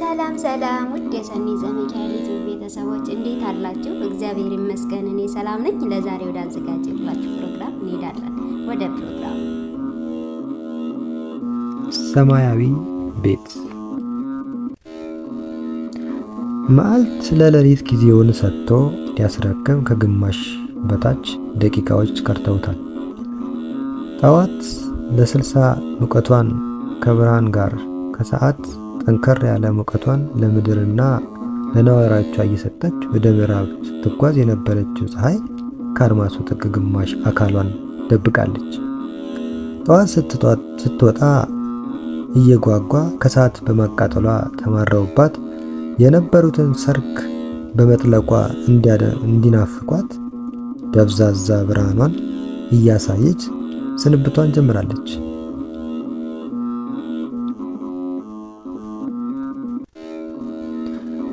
ሰላም ሰላም ውድ የሰኔ ዘመቻ ቤተሰቦች እንዴት አላችሁ? እግዚአብሔር ይመስገን እኔ ሰላም ነኝ። ለዛሬ ወደ አዘጋጀላችሁ ፕሮግራም እንሄዳለን። ወደ ፕሮግራም ሰማያዊ ቤት መዓልት ለሌሊት ጊዜውን ሰጥቶ ሊያስረክም ከግማሽ በታች ደቂቃዎች ቀርተውታል። ጠዋት ለስልሳ ሙቀቷን ከብርሃን ጋር ከሰዓት ጠንከር ያለ ሙቀቷን ለምድርና ለነዋሪዎቿ እየሰጠች ወደ ምዕራብ ስትጓዝ የነበረችው ፀሐይ ከአድማሱ ጥግ ግማሽ አካሏን ደብቃለች። ጠዋት ስትወጣ እየጓጓ ከሰዓት በማቃጠሏ ተማረውባት የነበሩትን ሰርክ በመጥለቋ እንዲናፍቋት ደብዛዛ ብርሃኗን እያሳየች ስንብቷን ጀምራለች።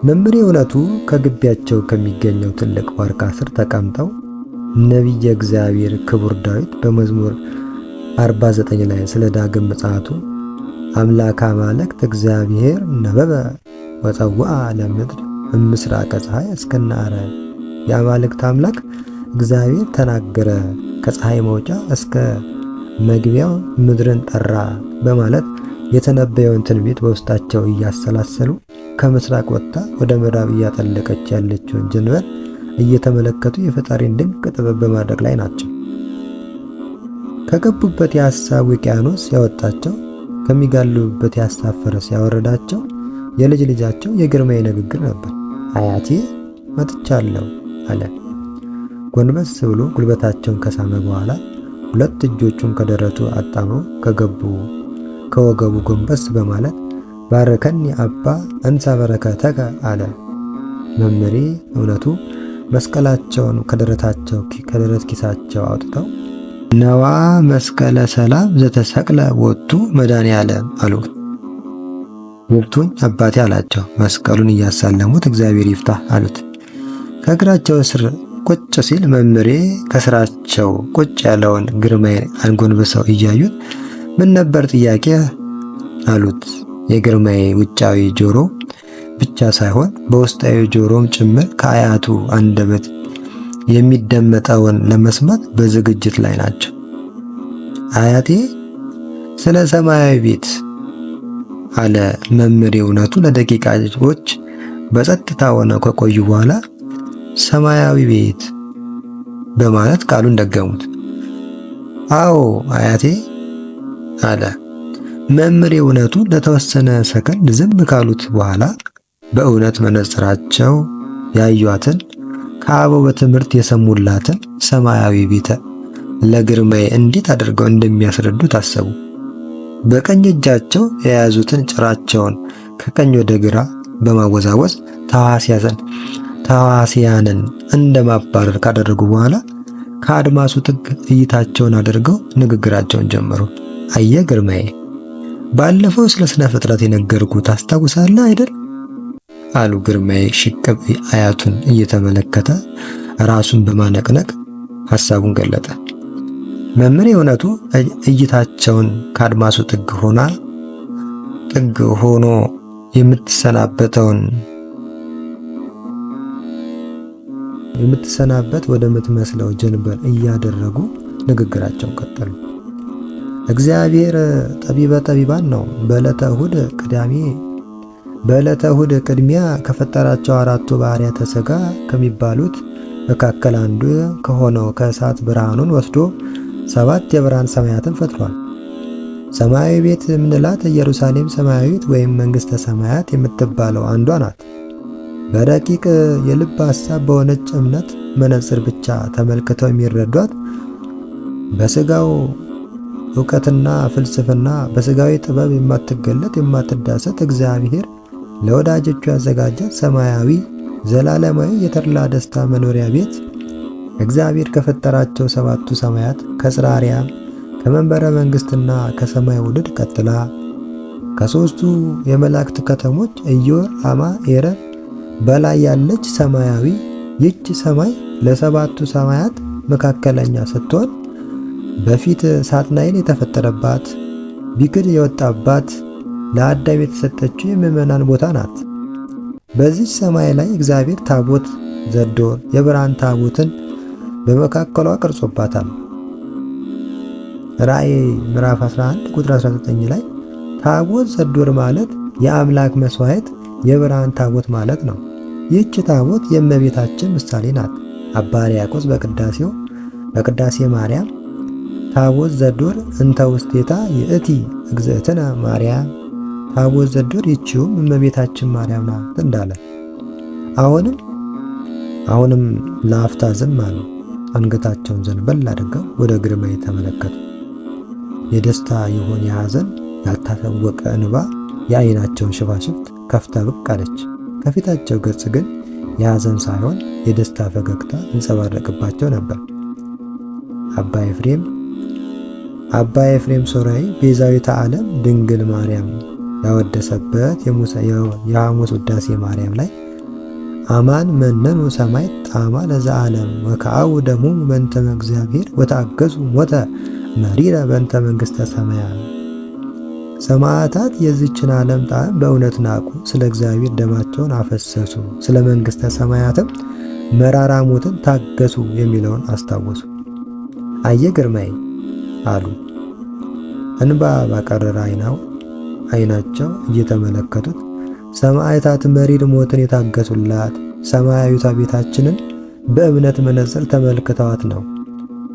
መምህር እውነቱ ከግቢያቸው ከሚገኘው ትልቅ ዋርካ ስር ተቀምጠው ነቢየ እግዚአብሔር ክቡር ዳዊት በመዝሙር 49 ላይ ስለ ዳግም ምጽአቱ አምላከ አማልክት እግዚአብሔር ነበበ ወፀውአ ለምድር እምስራቀ ፀሐይ እስከናረ የአማልክት አምላክ እግዚአብሔር ተናገረ ከፀሐይ መውጫ እስከ መግቢያው ምድርን ጠራ በማለት የተነበየውን ትንቢት በውስጣቸው እያሰላሰሉ ከምስራቅ ወጥታ ወደ ምዕራብ እያጠለቀች ያለችውን ጀንበር እየተመለከቱ የፈጣሪን ድንቅ ጥበብ በማድረግ ላይ ናቸው። ከገቡበት የሐሳብ ውቅያኖስ ያወጣቸው ከሚጋልቡበት የሐሳብ ፈረስ ያወረዳቸው የልጅ ልጃቸው የግርማዬ ንግግር ነበር። አያቴ መጥቻለሁ አለ። ጎንበስ ብሎ ጉልበታቸውን ከሳመ በኋላ ሁለት እጆቹን ከደረቱ አጣምሮ ከገቡ ከወገቡ ጎንበስ በማለት ባረከኒ አባ እንሳ በረከተከ አለ። መምሬ እውነቱ መስቀላቸውን ከደረታቸው ከደረት ኪሳቸው አውጥተው ነዋ መስቀለ ሰላም ዘተሰቅለ ወቱ መዳን ያለ አሉ። ወጡኝ አባቴ አላቸው። መስቀሉን እያሳለሙት እግዚአብሔር ይፍታ አሉት። ከእግራቸው ስር ቁጭ ሲል መምሬ ከስራቸው ቁጭ ያለውን ግርማዬን አንጎንብሰው እያዩት ምን ነበር ጥያቄ አሉት። የግርማዬ ውጫዊ ጆሮ ብቻ ሳይሆን በውስጣዊ ጆሮም ጭምር ከአያቱ አንደበት የሚደመጠውን ለመስማት በዝግጅት ላይ ናቸው። አያቴ ስለ ሰማያዊ ቤት አለ። መምህሬ እውነቱ ለደቂቃዎች በጸጥታ ሆነው ከቆዩ በኋላ ሰማያዊ ቤት በማለት ቃሉን ደገሙት። አዎ አያቴ አለ። መምህር እውነቱ ለተወሰነ ሰከንድ ዝም ካሉት በኋላ በእውነት መነጽራቸው ያዩአትን ከአበው በትምህርት የሰሙላትን ሰማያዊ ቤተ ለግርማዬ እንዴት አድርገው እንደሚያስረዱ ታሰቡ። በቀኝ እጃቸው የያዙትን ጭራቸውን ከቀኝ ወደ ግራ በማወዛወዝ ተዋሲያንን እንደማባረር ካደረጉ በኋላ ከአድማሱ ጥግ እይታቸውን አድርገው ንግግራቸውን ጀመሩ። አየ ግርማዬ ባለፈው ስለ ስነ ፍጥረት የነገርኩህ ታስታውሳለህ አይደል? አሉ ግርማዬ ሽቅብ አያቱን እየተመለከተ ራሱን በማነቅነቅ ሐሳቡን ገለጠ። መምህር የእውነቱ እይታቸውን ከአድማሱ ጥግ ሆና ጥግ ሆኖ የምትሰናበተውን የምትሰናበት ወደ ምትመስለው ጀንበር እያደረጉ ንግግራቸውን ቀጠሉ። እግዚአብሔር ጠቢበ ጠቢባን ነው። በዕለተ እሁድ ቅዳሜ በዕለተ እሁድ ቅድሚያ ከፈጠራቸው አራቱ ባህርያተ ሥጋ ከሚባሉት መካከል አንዱ ከሆነው ከእሳት ብርሃኑን ወስዶ ሰባት የብርሃን ሰማያትን ፈጥሯል። ሰማያዊ ቤት የምንላት ኢየሩሳሌም ሰማያዊት ወይም መንግሥተ ሰማያት የምትባለው አንዷ ናት። በረቂቅ የልብ ሐሳብ በሆነች እምነት መነጽር ብቻ ተመልክተው የሚረዷት በሥጋው እውቀትና ፍልስፍና በሥጋዊ ጥበብ የማትገለጥ የማትዳሰት እግዚአብሔር ለወዳጆቹ ያዘጋጃት ሰማያዊ ዘላለማዊ የተድላ ደስታ መኖሪያ ቤት እግዚአብሔር ከፈጠራቸው ሰባቱ ሰማያት ከጽራሪያም ከመንበረ መንግሥትና ከሰማይ ውድድ ቀጥላ ከሦስቱ የመላእክት ከተሞች እዮር አማ፣ ኤረር በላይ ያለች ሰማያዊ ይች ሰማይ ለሰባቱ ሰማያት መካከለኛ ስትሆን በፊት ሳጥናኤል የተፈጠረባት ቢክር የወጣባት ለአዳም የተሰጠችው የምዕመናን ቦታ ናት። በዚች ሰማይ ላይ እግዚአብሔር ታቦት ዘዶ የብርሃን ታቦትን በመካከሏ ቀርጾባታል። ራእይ ምዕራፍ 11 ቁጥር 19 ላይ ታቦት ዘዶር ማለት የአምላክ መስዋዕት የብርሃን ታቦት ማለት ነው። ይህች ታቦት የእመቤታችን ምሳሌ ናት። አባ ሕርያቆስ በቅዳሴው በቅዳሴ ማርያም ታቦት ዘዶር እንተ ውስቴታ የእቲ እግዝእትነ ማርያም ታቦት ዘዶር ይቺውም እመቤታችን ማርያም ናት እንዳለ አሁንም አሁንም ለአፍታ ዝም አሉ። አንገታቸውን ዘንበል አድርገው ወደ ግርማ የተመለከቱ የደስታ ይሆን የሐዘን ያልታወቀ እንባ የአይናቸውን ሽፋሽፍት ከፍታ ብቅ አለች። ከፊታቸው ገጽ ግን የሐዘን ሳይሆን የደስታ ፈገግታ ይንጸባረቅባቸው ነበር። አባ ኤፍሬም አባ ኤፍሬም ሶራይ ቤዛዊተ ዓለም ድንግል ማርያም ያወደሰበት የሐሙስ ውዳሴ ማርያም ላይ አማን መነኑ ሰማይ ጣማ ለዛ ዓለም ወከአው ደሙ በንተመ እግዚአብሔር ወታገሱ ሞተ መሪረ በንተ መንግሥተ ሰማያ። ሰማዕታት የዚችን ዓለም ጣዕም በእውነት ናቁ፣ ስለ እግዚአብሔር ደማቸውን አፈሰሱ፣ ስለ መንግሥተ ሰማያትም መራራ ሞትን ታገሱ የሚለውን አስታወሱ። አየ ግርማይ አሉ። እንባ ባቀረረ አይናው አይናቸው እየተመለከቱት ሰማዕታት መሪር ሞትን የታገሱላት ሰማያዊቷ ቤታችንን በእምነት መነጽር ተመልክተዋት ነው።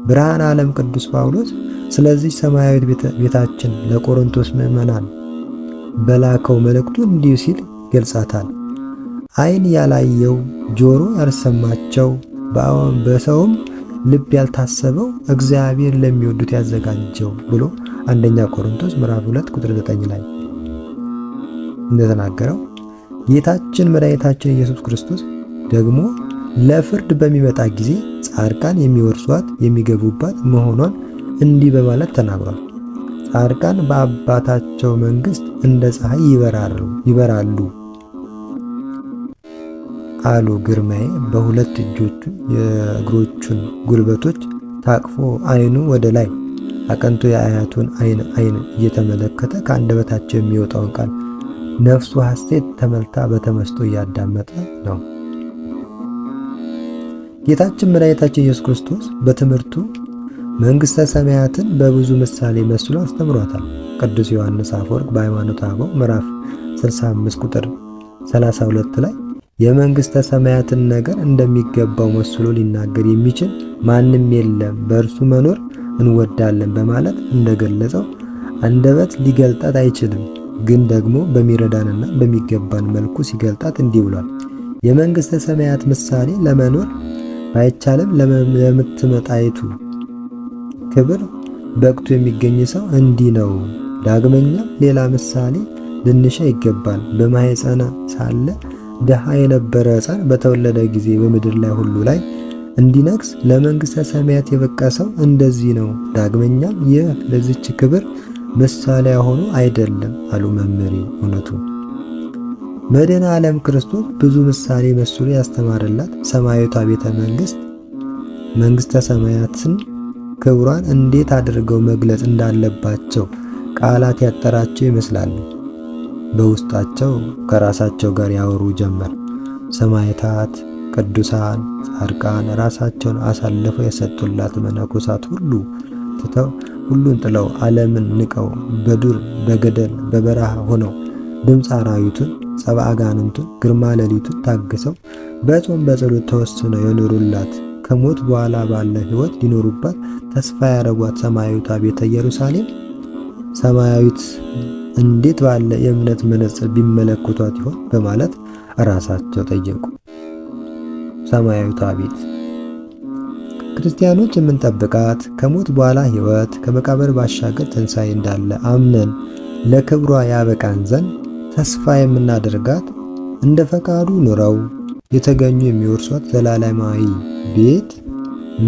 ብርሃን ዓለም ቅዱስ ጳውሎስ ስለዚህ ሰማያዊት ቤታችን ለቆሮንቶስ ምዕመናን በላከው መልእክቱ እንዲህ ሲል ገልጻታል። አይን ያላየው ጆሮ ያልሰማቸው በሰውም ልብ ያልታሰበው እግዚአብሔር ለሚወዱት ያዘጋጀው ብሎ አንደኛ ቆሮንቶስ ምዕራፍ 2 ቁጥር 9 ላይ እንደተናገረው ጌታችን መድኃኒታችን ኢየሱስ ክርስቶስ ደግሞ ለፍርድ በሚመጣ ጊዜ ጻድቃን የሚወርሷት የሚገቡባት መሆኗን እንዲህ በማለት ተናግሯል። ጻድቃን በአባታቸው መንግሥት እንደ ፀሐይ ይበራሉ አሉ ግርማዬ በሁለት እጆቹ የእግሮቹን ጉልበቶች ታቅፎ አይኑ ወደ ላይ አቀንቶ የአያቱን አይን አይን እየተመለከተ ከአንደበታቸው የሚወጣውን ቃል ነፍሱ ሐሴት ተመልታ በተመስጦ እያዳመጠ ነው። ጌታችን መድኃኒታችን ኢየሱስ ክርስቶስ በትምህርቱ መንግሥተ ሰማያትን በብዙ ምሳሌ መስሎ አስተምሯታል። ቅዱስ ዮሐንስ አፈወርቅ በሃይማኖተ አበው ምዕራፍ 65 ቁጥር 32 ላይ የመንግሥተ ሰማያትን ነገር እንደሚገባው መስሎ ሊናገር የሚችል ማንም የለም፣ በእርሱ መኖር እንወዳለን በማለት እንደገለጸው አንደበት ሊገልጣት አይችልም። ግን ደግሞ በሚረዳንና በሚገባን መልኩ ሲገልጣት እንዲህ ብሏል። የመንግሥተ ሰማያት ምሳሌ ለመኖር ባይቻልም ለምትመጣይቱ ክብር በቅቱ የሚገኝ ሰው እንዲህ ነው። ዳግመኛ ሌላ ምሳሌ ልንሻ ይገባል። በማኅፀነ ሳለ ድሃ የነበረ ሕፃን በተወለደ ጊዜ በምድር ላይ ሁሉ ላይ እንዲነግስ ለመንግሥተ ሰማያት የበቃ ሰው እንደዚህ ነው። ዳግመኛም ይህ ለዚች ክብር ምሳሌያ ሆኖ አይደለም አሉ መምህሬ። እውነቱ መድኃኔ ዓለም ክርስቶስ ብዙ ምሳሌ መስሎ ያስተማረላት ሰማያዊቷ ቤተ መንግሥት መንግሥተ ሰማያትን ክብሯን እንዴት አድርገው መግለጽ እንዳለባቸው ቃላት ያጠራቸው ይመስላሉ። በውስጣቸው ከራሳቸው ጋር ያወሩ ጀመር። ሰማዕታት፣ ቅዱሳን፣ ጻድቃን ራሳቸውን አሳልፈው የሰጡላት መነኮሳት ሁሉ ትተው ሁሉን ጥለው ዓለምን ንቀው በዱር በገደል በበረሃ ሆነው ድምፅ አራዊቱን ጸባ አጋንንቱን ግርማ ሌሊቱን ታግሰው በጾም በጸሎት ተወስነው የኖሩላት ከሞት በኋላ ባለ ሕይወት ሊኖሩባት ተስፋ ያደረጓት ሰማያዊቷ ቤተ ኢየሩሳሌም ሰማያዊት እንዴት ባለ የእምነት መነጽር ቢመለከቷት ይሆን በማለት ራሳቸው ጠየቁ። ሰማያዊቷ ቤት ክርስቲያኖች የምንጠብቃት ከሞት በኋላ ሕይወት ከመቃብር ባሻገር ትንሣኤ እንዳለ አምነን ለክብሯ ያበቃን ዘንድ ተስፋ የምናደርጋት እንደ ፈቃዱ ኑረው የተገኙ የሚወርሷት ዘላለማዊ ቤት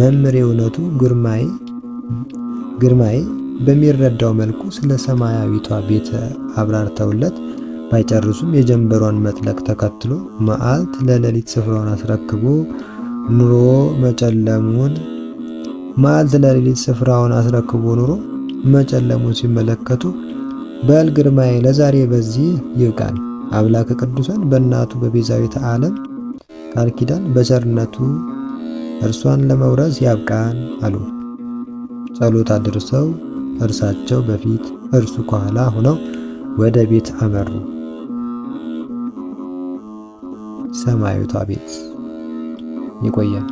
መምህር የእውነቱ ግርማዬ ግርማዬ በሚረዳው መልኩ ስለ ሰማያዊቷ ቤት አብራርተውለት ባይጨርሱም የጀንበሯን መጥለቅ ተከትሎ መዓልት ለሌሊት ስፍራውን አስረክቦ ኑሮ መጨለሙን መዓልት ለሌሊት ስፍራውን አስረክቦ ኑሮ መጨለሙን ሲመለከቱ በል ግርማዬ ለዛሬ በዚህ ይብቃል። አምላከ ቅዱሳን በእናቱ በቤዛዊት ዓለም ቃል ኪዳን በቸርነቱ እርሷን ለመውረስ ያብቃን አሉ። ጸሎት አድርሰው እርሳቸው በፊት እርሱ ከኋላ ሆነው ወደ ቤት አመሩ። ሰማያዊቷ ቤት ይቆያል።